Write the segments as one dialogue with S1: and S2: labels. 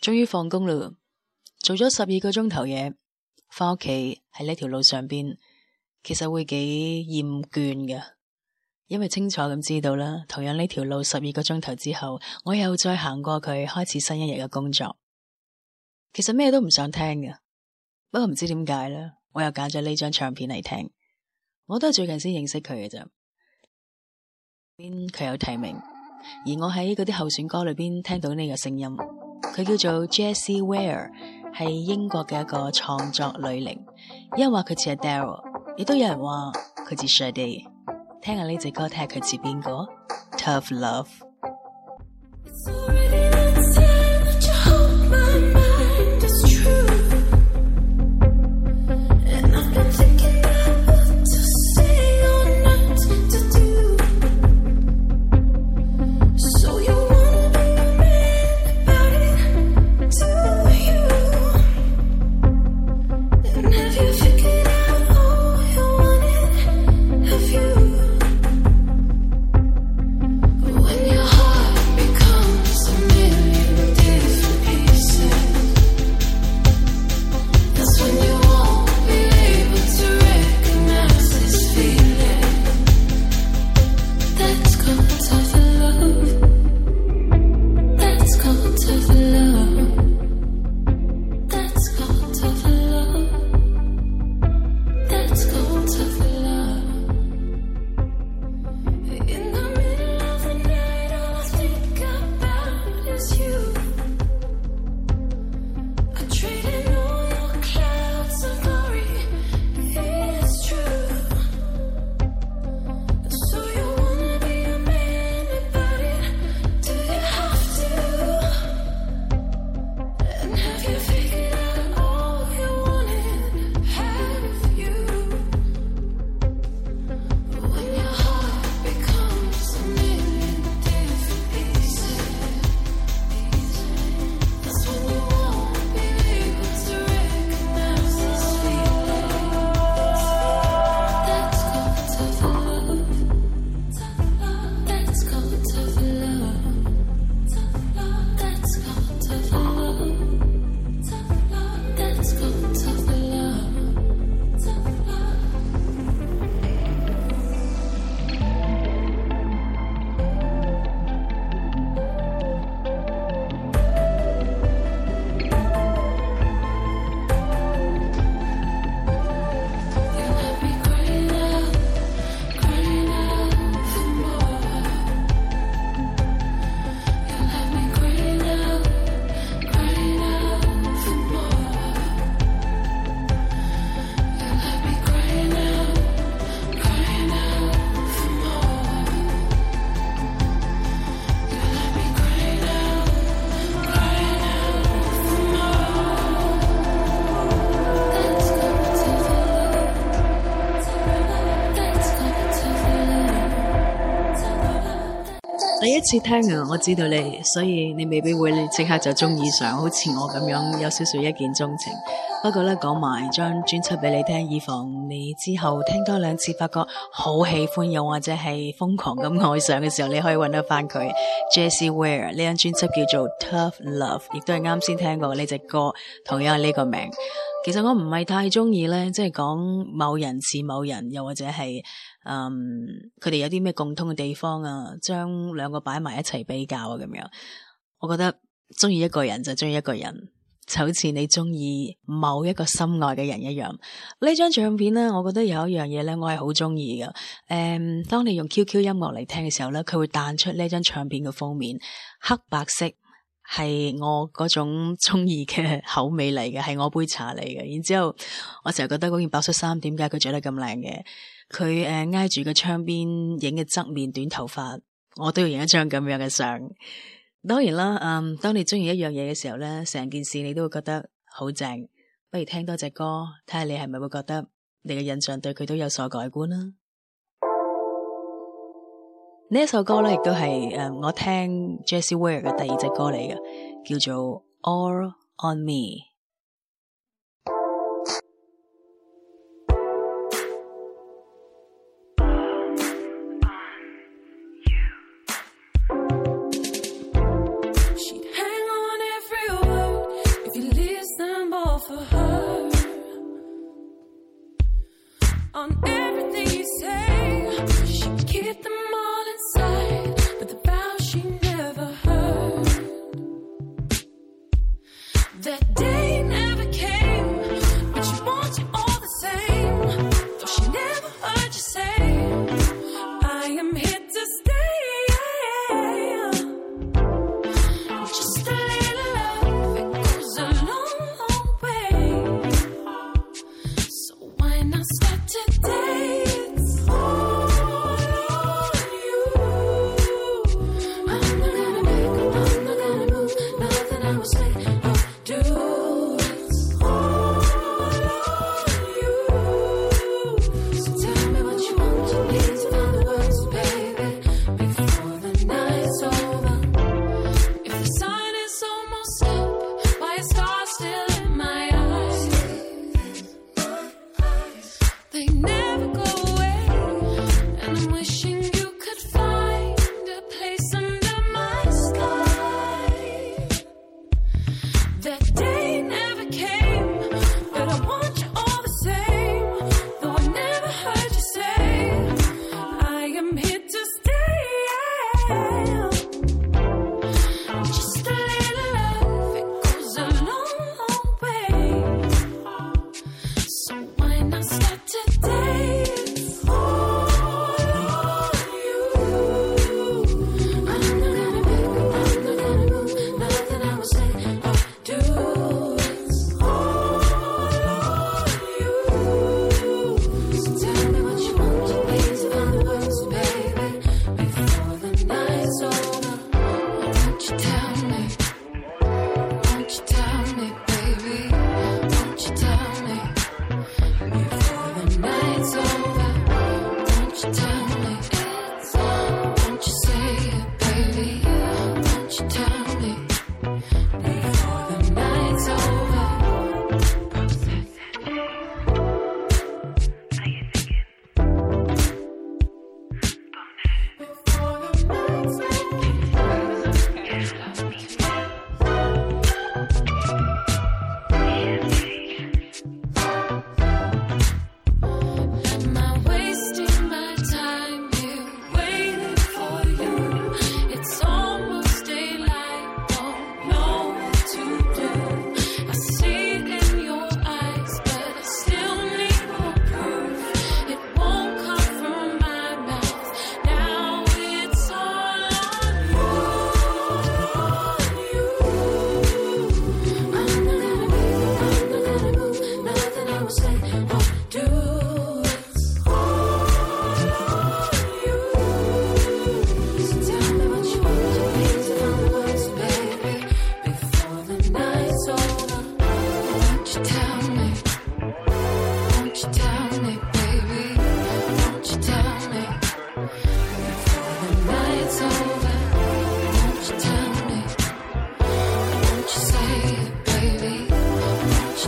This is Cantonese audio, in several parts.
S1: 終於放工啦，做咗十二個鐘頭嘢，翻屋企喺呢條路上邊，其實會幾厭倦㗎，因為清楚咁知道啦。同樣呢條路十二個鐘頭之後，我又再行過佢，開始新一日嘅工作。其實咩都唔想聽嘅，不過唔知點解咧，我又揀咗呢張唱片嚟聽。我都係最近先認識佢嘅咋。邊佢有提名，而我喺嗰啲候選歌裏邊聽到呢個聲音。佢叫做 Jessie Ware，係英國嘅一個創作女伶。有人話佢似 Adele，亦都有人話佢似 Sade。聽下呢隻歌，睇下佢似邊個？Tough Love。一次聽啊，我知道你，所以你未必會即刻就中意上，好似我咁樣有少少一見鍾情。不過咧，講埋張專輯俾你聽，以防你之後聽多兩次，發覺好喜歡，又或者係瘋狂咁愛上嘅時候，你可以揾得翻佢。Jessie Ware 呢張專輯叫做 Tough Love，亦都係啱先聽過呢隻歌，同樣係呢個名。其實我唔係太中意呢，即係講某人似某人，又或者係。嗯，佢哋、um, 有啲咩共通嘅地方啊？將兩個擺埋一齊比較啊，咁樣，我覺得中意一個人就中意一個人，就好似你中意某一個心愛嘅人一樣。呢張唱片呢，我覺得有一樣嘢呢，我係好中意嘅。誒、嗯，當你用 QQ 音樂嚟聽嘅時候呢，佢會彈出呢張唱片嘅封面，黑白色係我嗰種中意嘅口味嚟嘅，係我杯茶嚟嘅。然之後，我成日覺得嗰件白色衫點解佢着得咁靚嘅？佢誒、呃、捱住個窗邊影嘅側面短頭髮，我都要影一張咁樣嘅相。當然啦，嗯，當你中意一樣嘢嘅時候呢，成件事你都會覺得好正。不如聽多隻歌，睇下你係咪會覺得你嘅印象對佢都有所改觀啦。呢 一首歌呢，亦都係誒、嗯、我聽 Jessie Ware 嘅第二隻歌嚟嘅，叫做 All On Me。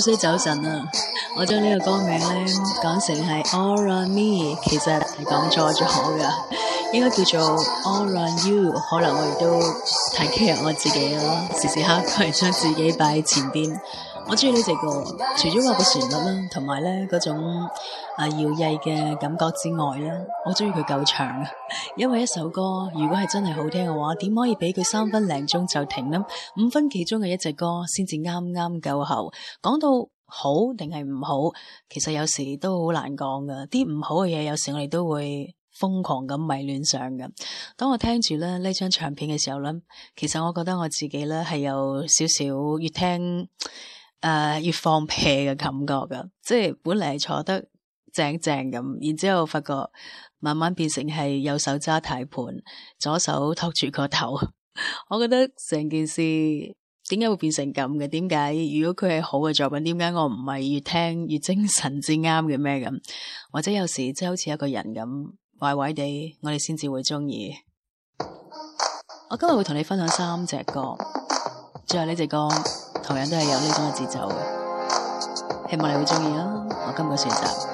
S1: 稍稍走神啊，我將呢個歌名呢講成係 All on Me，其實係講錯最好嘅，應該叫做 All on You。可能我亦都太 care 我自己啦，時時刻刻都係將自己擺喺前邊。我中意呢隻歌，除咗話個旋律啦，同埋咧嗰種啊搖曳嘅感覺之外啦，我中意佢夠長，因為一首歌如果係真係好聽嘅話，點可以俾佢三分零鐘就停咧？五分幾鐘嘅一隻歌先至啱啱夠喉。講到好定係唔好，其實有時都好難講噶。啲唔好嘅嘢，有時我哋都會瘋狂咁迷戀上噶。當我聽住咧呢張唱片嘅時候咧，其實我覺得我自己咧係有少少越聽。誒，uh, 越放屁嘅感覺噶，即係本嚟係坐得正正咁，然之後發覺慢慢變成係右手揸軚盤，左手托住個頭。 我覺得成件事點解會變成咁嘅？點解如果佢係好嘅作品，點解我唔係越聽越精神至啱嘅咩？咁或者有時即係、就是、好似一個人咁壞壞地，我哋先至會中意。 我今日會同你分享三隻歌，最後呢隻歌，同樣都係有呢種嘅節奏，希望你會鍾意啊！我今個選擇。